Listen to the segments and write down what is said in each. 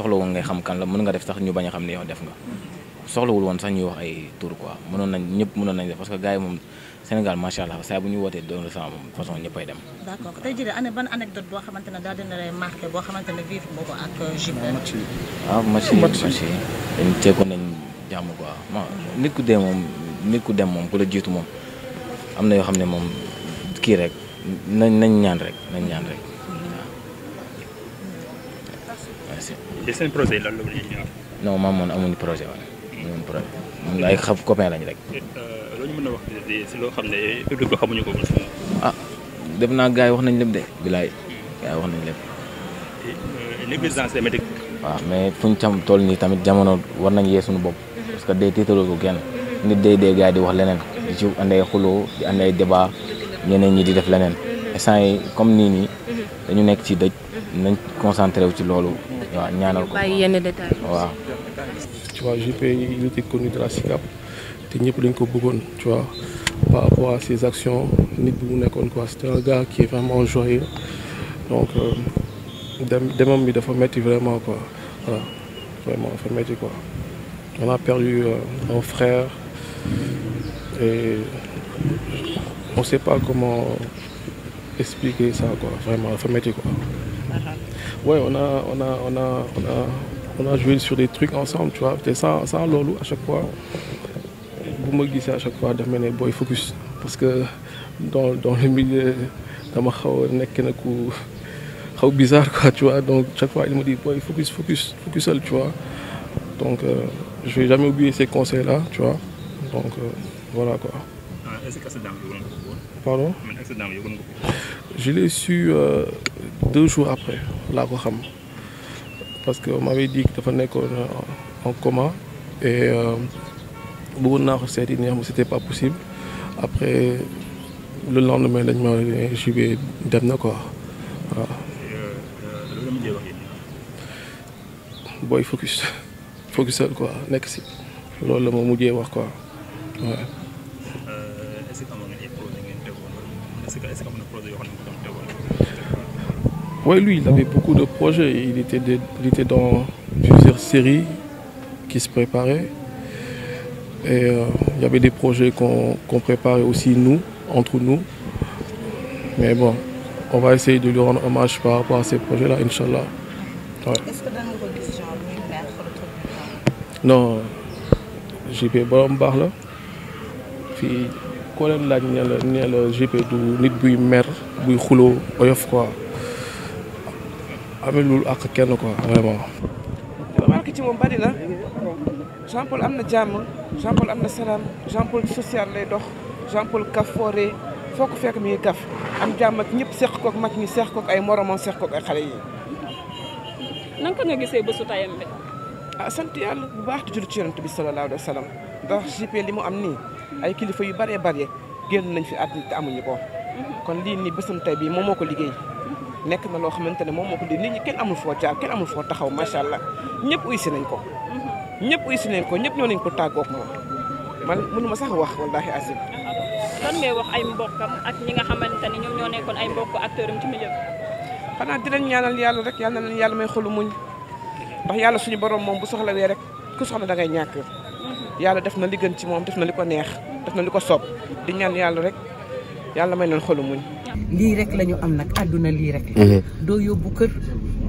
soxlawul ngay xam kan la mën nga def sax ñu bañ a xam ne yow def nga soxlawul woon sax ñuy wax ay tour quoi mënoon nañ ñëpp mënoon nañ def parce que gars yi moom Sénégal macha allah saa bu ñu wootee doon la sama moom façon ñëppay dem. d'accord tey jii ana ban anecdote boo xamante ne daal dina lay marqué boo xamante ne vivre boobu ak Jules. match yi ah match yi match yi dañ teekoon nañ jàmm quoi ma nit ku dee moom nit ku dem moom ku la jiitu moom am na yoo xam ne moom kii rek nañ nañ ñaan rek nañ ñaan rek. si. li seen projet yi lan la maam moom amuñu projet woon. amuñu projet xam copain lañ rek. Euh, a wax loo xam ne public bi ko. ah def naa gars yi wax nañ lépp de. bilaay gars yi wax nañ lépp. négligence euh, médic. waaw mais fuñ cam toll nii tamit jamono war nañ yee suñu bopp. parce que day tiitaloo ko kenn. nit day dee gars di wax leneen. di ci ànd ay xuloo di ànd ay débat ñeneen ñi di def leneen. instant yi comme nii nii dañu nekk ci dëj nañ concentré ci loolu. waaw ñaanal ko bàyyi yenn détails de la SICAP te ñëpp dañ ko bëggoon tu vois par ses actions nit bi mu nekkoon quoi c'est un gars qui est vraiment joyeux donc euh, dem demam bi dafa metti vraiment quoi voilà vraiment dafa metti quoi on a perdu euh, frère et on sait pas comment expliquer ça quoi vraiment dafa metti quoi. ouais, on a, on a, on a, on a, on a joué sur des trucs ensemble, tu vois. C'était ça, ça, lolo, chaque fois. bu ma à chaque fois daf mel ne booy focus parce que dans dans le milieu dama xaw a nekk na ku xaw bizarre quoi tu vois donc chaque fois il me di booy focus focus focusal tu vois donc euh, je vais jamais oublier ces conseils là tu vois donc euh, voilà quoi. Euh, je l'ai su euh, deux jours après. laa ko xam parce que m'avait dit dafa nekkoon en coma et euh, bëggoon naa ko seeti neex mu c'était pas possible après le lendemain dañ ma jubee dem na ko waaw. booy focus focusal quoi nekk si loolu la ma mujjee wax ko waaw. Euh, amoon Oui, lui, il avait beaucoup de projets. Il était, dans plusieurs séries qui se préparaient. Et euh, y avait des projets qu'on qu aussi, nous, entre nous. Mais bon, on va essayer de lui rendre hommage par rapport à ces projets Inch'Allah. Ouais. Est-ce que dans nos religions, lui, baax la fii koo leen laaj la ne la JP du nit buy mer buy xuloo oyof amee loolu ak kenn quoi vraiment. li ma marqué ci moom bari na Jean Paul am na jàmm Jean Paul am na salaam Jean Paul social lay dox Jean Paul kaf fooree foo ko fekk mi ngi kaf am jàmm ak ñëpp seq kook mag ñi seq koog ay moromam seq koog ay xale yi. nan ko a gisee bésu tayam bi. ah sant yàlla bu baax di ci yonent bi salallaahu alayhi ndax JP li mu am nii ay kilifa yu bëree bare génn nañ fi àddina te amuñu ko mhm. kon lii nii bésam tay bii moom moo ko liggéey. nekk na loo xamante ne moom moo ko di nit ñi kenn amul foo jaar kenn amul foo taxaw macha allah ñëpp uy nañ ko. Mm-hmm. ñëpp uy si nañ ko ñëpp ñoo nañ ko tàggoog moom man mënu ma sax wax wallaahi azim. lan ngay wax ay mbokkam ak ñi nga xamante ñoom ñoo nekkoon ay mbokk acteurs am ci milieu xanaa di leen ñaanal yàlla rek yàlla na leen yàlla may xolu muñ ndax yàlla suñu borom moom bu soxlawee rek ku soxla da ngay ñàkk mm-hmm. yàlla def na li ci moom def na li ko neex def na li ko soob di ñaan yàlla rek yàlla may leen xolu muñ lii rek lañu am nag àdduna lii rek mhm. doo yóbbu kër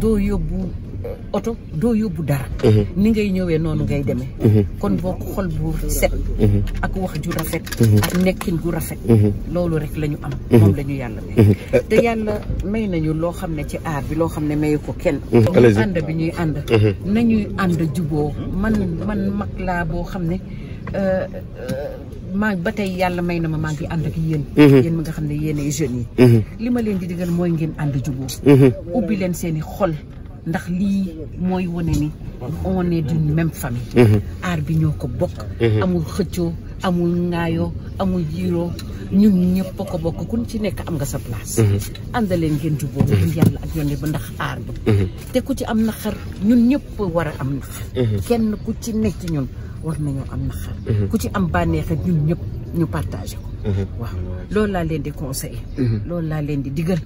doo yóbbu eh, oto doo yóbbu dara mhm. ni ngay ñëwee noonu ngay deme mhm. kon boo xol bu set ak wax ju rafet ak nekkin gu rafet loolu rek lañu am moom la yàlla may te yàlla may nañu loo xam ne ci aar bi loo xam ne mayu ko kenn ànd bi ñuy ànd nañuy ànd juboo man man mag laa boo xam ne Euh, euh, maa ba tey yàlla may na ma maa ngi ànd ak yéen. Mhm. yéen mi nga xam ne yéen ay jeunes yi. Mhm. li ma leen di digal mooy ngeen ànd jubóo. Mhm. ubbi leen seeni xol. ndax lii mooy wane ni on est même famille. bi ñoo ko bokk. amul xëccoo amul ŋaayoo amul jiiroo ñun ñëpp a ko bokk kun ci nekk am nga sa place. àndaleen ngeen jubóo ngir yàlla ak yónnee ba ndax aar bi. te ku ci am naxar ñun ñëpp war a am naxar. kenn ku ci nekk ñun. war nañoo am naqar mhm. ku ci am bànneex ñun ñëpp ñu partagé ko mhm. waaw loolu laa leen di conseil mhm. loolu laa leen di diggal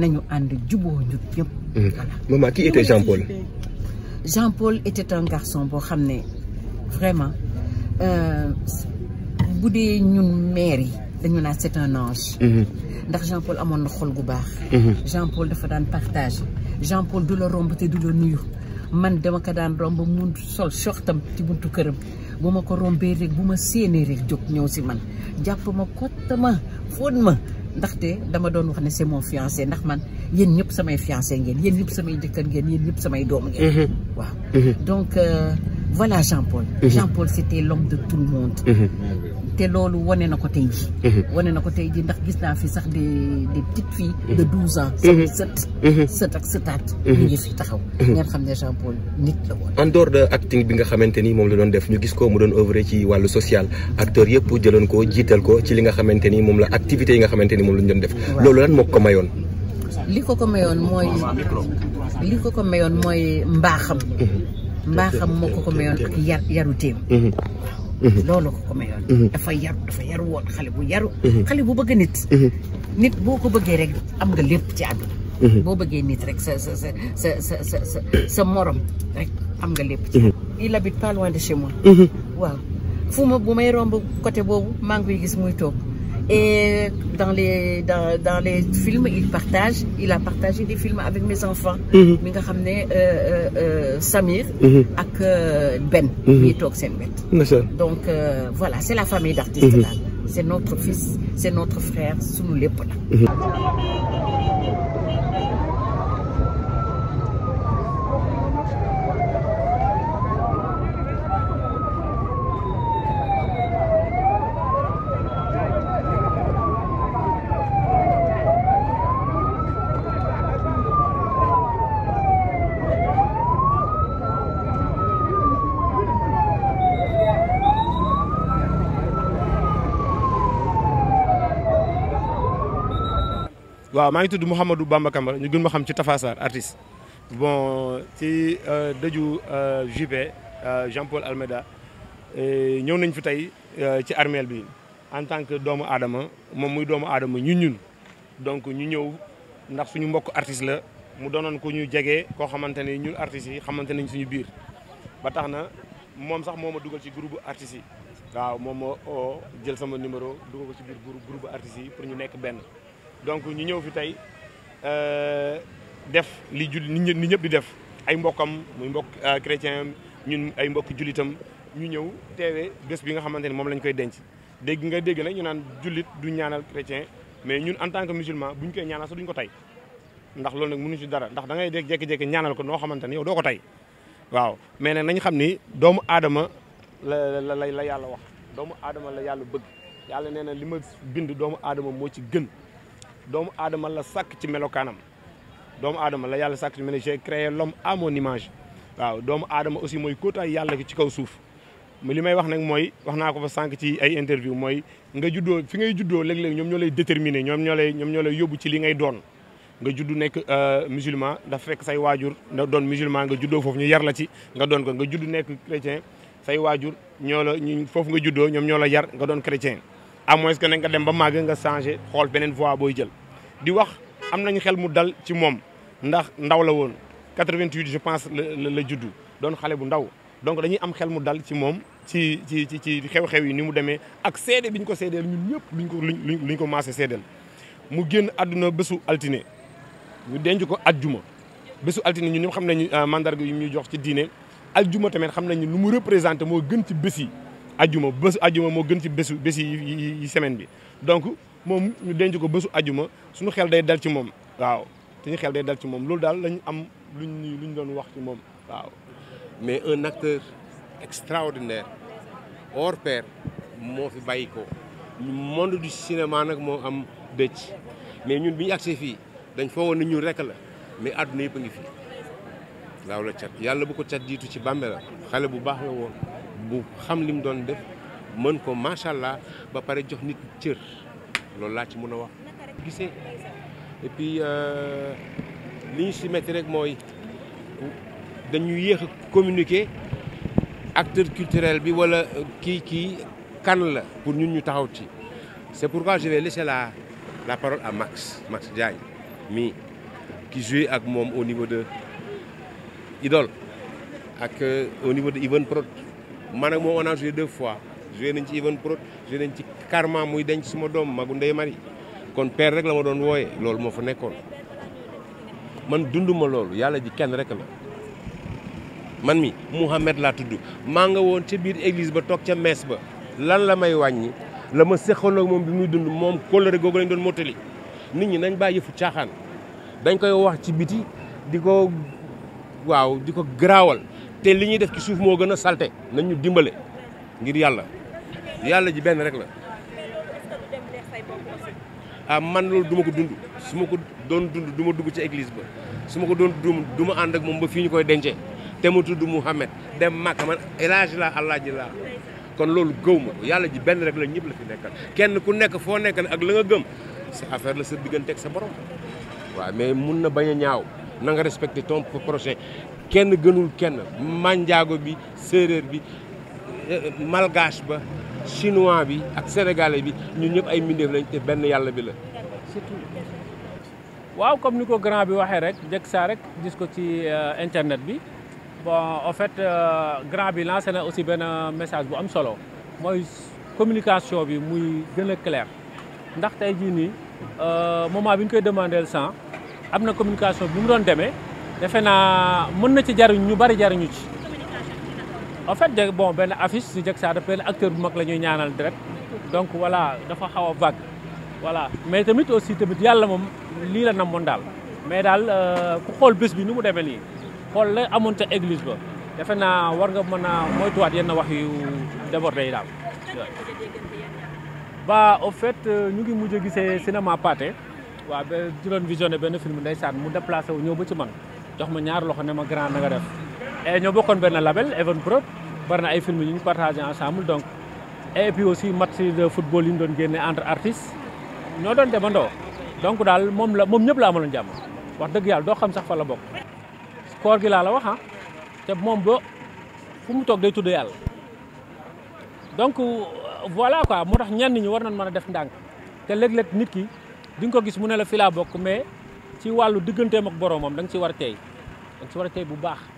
nañu ànd juboo ñun ñëpp voilà maman qui était Jean Paul Jean un garçon boo xam ne vraiment euh, bu dee ñun maire yi dañu naan c'est un ange ndax Jean Paul amoon na xol gu baax Jean Paul dafa daan partage Jean Paul du la romb te du la nuyu man dama ko daan romb mun sol soxtam ci buntu këram bu ma ko rombee rek bu ma séenee rek jóg ñëw si man jàpp ma kotta ma fóot ma ndaxte dama doon wax ne c'est mon fiancé ndax man yéen ñëpp samay fiancé ngeen yéen ñëpp samay jëkkër ngeen yéen ñëpp samay doom ngeen mhm. waaw mhm. donc euh, voilà Jean Paul mhm. Jean Paul c'était l'homme de tout le monde te loolu wane na ko tey ji mhm. wane na ko tey ji ndax gis naa fi sax di des petites filles mhm. de douze ans sa sët sët ak sëtaat mhm. ñu ngi taxaw nga xam ne Jean Paul nit la woon en de acting bi nga xamante ni moom la doon def ñu gis ko mu doon œuvre ci wàllu social acteur yëpp jëloon ko jiital ko ci li nga xamante ni moom la activité yi nga xamante ni moom la ñu doon def loolu lan moo ko mayoon li ko ko mayoon mooy li ko ko mayoon mooy mbaaxam mbaaxam moo ko ko mayoon ak yar yaruteem Mhm. loolu ko ko mayoon mhm. dafa yar dafa yar woon xale bu yaru mhm. xale bu bëgg nit nit boo ko bëggee rek am nga lépp ci àdduna boo bëggee nit rek sa sa sa morom rek am nga lépp ci il habite pas loin de fu ma bu may romb côté boobu maa ngi koy gis muy toog Et dans les, dans, dans les films, il partage, il a partagé des films avec mes enfants. Mhm. mi nga xam ne euh, euh, euh, Samir. Mhm. ak Ben. mi mhm. toog seen wet. donc euh, voilà c'est la famille d'artistes là. c'est notre fils c'est notre frère sunu lépp la. waaw maa ngi tudd xamadu Bamba Camara ñu gën ma xam ci Tafa Sarr bon ci euh, dëju euh, JP euh, Jean Paul Almeida ñëw nañ fi tey ci armeel bi en tant que doomu aadama moom muy doomu aadama ñun ñun. donc ñu ñëw ndax suñu mbokk artiste la mu doonoon ko ñu jege koo xamante ne ñun artistes yi xamante nañ suñu biir ba tax na moom sax moo ma dugal ci groupe artistes yi. waaw moom moo jël sama numéro dugal ko ci biir groupe groupe artistes yi pour ñu nekk benn. donc ñu ñëw fi tey euh, def li jul ni ñëpp di def ay mbokkam muy mbokk euh, chrétien ñun ay mbokk jullitam ñu ñëw teewee bés bi nga xamante ni moom lañ koy denc dégg nga dégg nag ñu naan jullit du ñaanal chrétien mais ñun en tant que musulman bu ñu koy ñaanal sax duñ ko tey ndax loolu nag mënuñu ci dara ndax da ngay dégg jékki-jékki ñaanal ko noo xamante ni yow doo ko tey waaw mais nag nañ xam ni doomu aadama la la la yàlla wax doomu aadama la yàlla bëgg yàlla nee na li ma bind doomu aadama moo ci gën doomu aadama la sakk ci melokaanam doomu aadama la yàlla sàkk ci melo j'ai créé l'homme à mon waaw doomu aadama aussi mooy kóotaay yàlla ci kaw suuf li may wax nag mooy wax naa ko fa sànq ci ay interview mooy nga juddoo fi ngay juddoo léeg-léeg ñoom ñoo lay déterminer ñoom ñoo ñoom ñoo lay yóbbu ci li ngay doon nga judd nekk euh, musulman dafa fekk say waajur nga doon musulman nga juddoo foofu ñu yar la ci nga doon ko nga judd nekk chrétien say waajur ñoo la ñu foofu nga juddoo ñoom ñoo la yar nga doon chrétien à moins que nga dem ba màgg nga changé xool beneen voie booy jël di wax am nañ xel mu dal ci moom ndax ndaw la woon 88 je pense la la juddu doon xale bu ndaw donc dañuy am xel mu dal ci moom ci ci ci ci xew-xew yi ni mu demee ak seede bi ñu ko seedeel ñun ñëpp luñ ko luñ luñ ko maase seedeel mu génn àdduna bésu altine ñu denc ko juma bésu altine ñun ñëpp xam nañu euh, mandar yi ñuy jox ci diine juma tamit xam nañ nu mu représenté moo gën ci bés yi ajjuma bésu ajjuma moo gën ci bésu bés yi semaine bi donc moom ñu denc ko bésu ajuma su suñu xel day dal ci moom waaw suñu xel day dal ci moom loolu daal lañu am lu lu luñ doon wax ci moom waaw. mais un acteur extraordinaire hors pair moo fi bàyyi ko monde du cinéma nag moo am dëcc mais ñun bi ñu agsee fii dañ foo woon ne ñun rek la mais àdduna yi a ngi fii laaw la cat yàlla bu ko cat jiitu ci Bambey xale bu baax la woon bu xam li mu doon def mën ko macha allah ba pare jox nit cër. loolu laa ci mën a wax. gisee et puis euh, li ñu si rek mooy dañu yéex a communiquer acteur culturel bi wala euh, kii kii kan la pour ñun ñu taxaw ci. c'est pourquoi je vais la la parole à Max Max Diagne mi qui joue ak moom au niveau de Idole ak euh, au niveau de Even Prod man ak moom on a joué deux fois. joué nañ ci Even Prod joué nañ ci Karma muy denc suma doom magu Ndeye kon père rek la ma doon wooyee loolu moo fa nekkoon man dunduma loolu yàlla ji kenn rek la man mi Mouhamed laa tudd maa nga woon ca biir église ba toog ca mees ba lan la may wàññi la ma séqoon moom bi muy dund moom kóllëre googu lañ doon mottali nit ñi nañ bàyyi yëfu caaxaan dañ koy wax ci biti di ko waaw di ko graawal te li ñuy def ci suuf moo gën a salte nañ ñu dimbale ngir yàlla yàlla ji benn rek la. a ah, man loolu duma ma ko dund su ma ko doon dund duma dugg ci église ba su ma ko doon dund du ànd ak moom ba fii ñu koy dencee te mu tudd Mouhamed dem Màkka man élage la kon loolu gëw ma yàlla ji benn rek la ñëpp la fi kenn ku nekk foo nekk ne ak la nga gëm sa affaire la sa diggante ak sa borom waaw mais mun na bañ a ñaaw na nga respecté ton prochain kenn gënul kenn manjaago bi séeréer bi eh, eh, malgaas ba chinois bi ak sénégalais bi ñu ñëpp ay mbindeef lañ te benn yàlla bi la. waaw comme ni ko grand bi waxee rek jëkk saa rek gis ko ci euh, internet bi bon en fait euh, grand bi lancé na aussi benn message bu am solo mooy communication bi muy gën a clair ndax tey jii nii euh, moment bi ñu koy demandé sans am na communication bi mu doon demee defe naa mën na ci jariñ ñu bari jariñu ci. en fait de bon benn affiche si jag saa daf benn acteur bu mag la ñuy ñaanal direct donc voilà dafa xaw a vague voilà mais tamit aussi tamit yàlla moom lii la namoon daal mais daal euh, ku xool bés bi ni mu demee nii xool la amoon ca église ba defe naa war nga mën a moytuwaat yenn wax yu débordé yi daal ba au fait euh, ñu ngi mujj a gisee cinéma Pathé waaw ba juróon visionné benn film ndeysaan mu déplacé wu ñëw ba ci man jox ma ñaar loxo ne ma grand na nga def ñoo benn label bari na ay film yu ñu partagé ensemble donc et aussi match de football yi ñu doon génne entre artistes ñoo doon demandoo donc daal moom la moom ñëpp la amaloon jàmm wax dëgg yàlla doo xam sax fa la bokk koor gi laa la wax ah te moom ba fu mu toog day tudd yàlla donc voilà quoi moo tax ñenn ñu war nañ mën a def ndànk te léeg-léeg nit ki di nga ko gis mu ne la fi laa bokk mais ci wàllu digganteem ak boroomam da nga ci war a tey da nga war a tey bu baax